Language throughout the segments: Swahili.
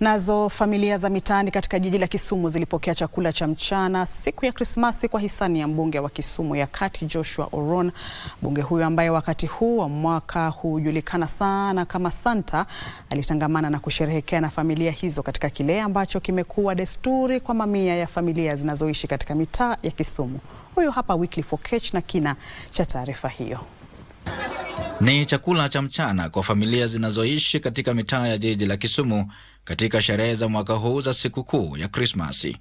Nazo familia za mitaani katika jiji la Kisumu zilipokea chakula cha mchana siku ya Krismasi kwa hisani ya mbunge wa Kisumu ya Kati Joshua Oron. Mbunge huyo ambaye wakati huu wa mwaka hujulikana sana kama Santa alitangamana na kusherehekea na familia hizo katika kile ambacho kimekuwa desturi kwa mamia ya familia zinazoishi katika mitaa ya Kisumu. Huyu hapa Wycliffe Oketch na kina cha taarifa hiyo. Ni chakula cha mchana kwa familia zinazoishi katika mitaa ya jiji la Kisumu katika sherehe za mwaka huu za sikukuu ya Krismasi.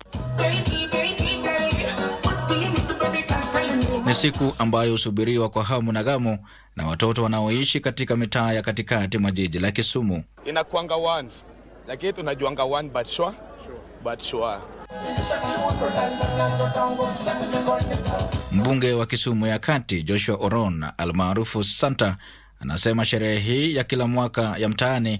Ni siku ambayo husubiriwa kwa hamu na gamu na watoto wanaoishi katika mitaa ya katikati mwa jiji la Kisumu. Inakuanga once lakini tunajuanga one but sure, but sure. Mbunge wa Kisumu ya Kati Joshua Oron almaarufu Santa anasema sherehe hii ya kila mwaka ya mtaani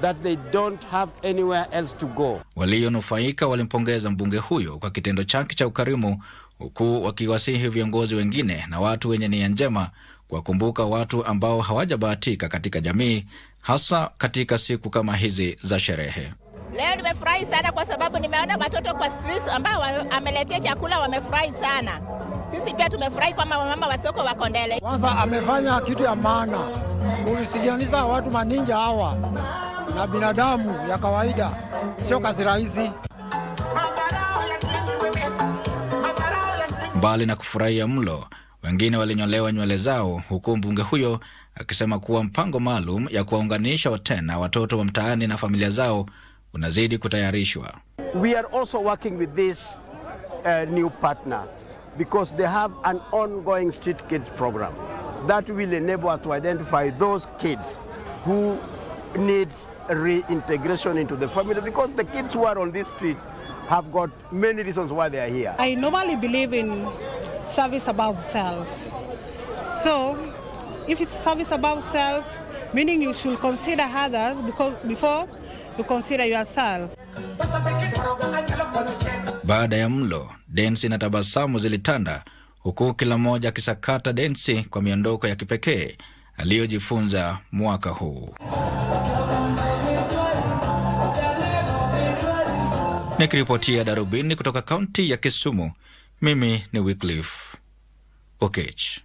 that they don't have anywhere else to go. Walionufaika walimpongeza mbunge huyo kwa kitendo chake cha ukarimu, huku wakiwasihi viongozi wengine na watu wenye nia njema kuwakumbuka watu ambao hawajabahatika katika jamii, hasa katika siku kama hizi za sherehe. Leo nimefurahi sana kwa sababu nimeona watoto kwa streets ambao ameletea chakula, wamefurahi sana. Sisi pia tumefurahi kwamba wamama wa soko wa Kondele kwanza amefanya kitu ya maana kusiganisha watu maninja hawa na binadamu ya kawaida, sio kazi rahisi. Mbali na kufurahia mlo, wengine walinyolewa nywele zao, huku mbunge huyo akisema kuwa mpango maalum ya kuwaunganisha tena watoto wa mtaani na familia zao unazidi kutayarishwa. We are also working with this, uh, new partner. because they have an ongoing street kids program that will enable us to identify those kids who need reintegration into the family because the kids who are on this street have got many reasons why they are here. I normally believe in service above self. So, if it's service above self, meaning you should consider others because before you consider yourself. Baada ya mlo densi na tabasamu zilitanda, huku kila mmoja akisakata densi kwa miondoko ya kipekee aliyojifunza mwaka huu. Nikiripotia Darubini kutoka kaunti ya Kisumu, mimi ni Wycliffe Okech.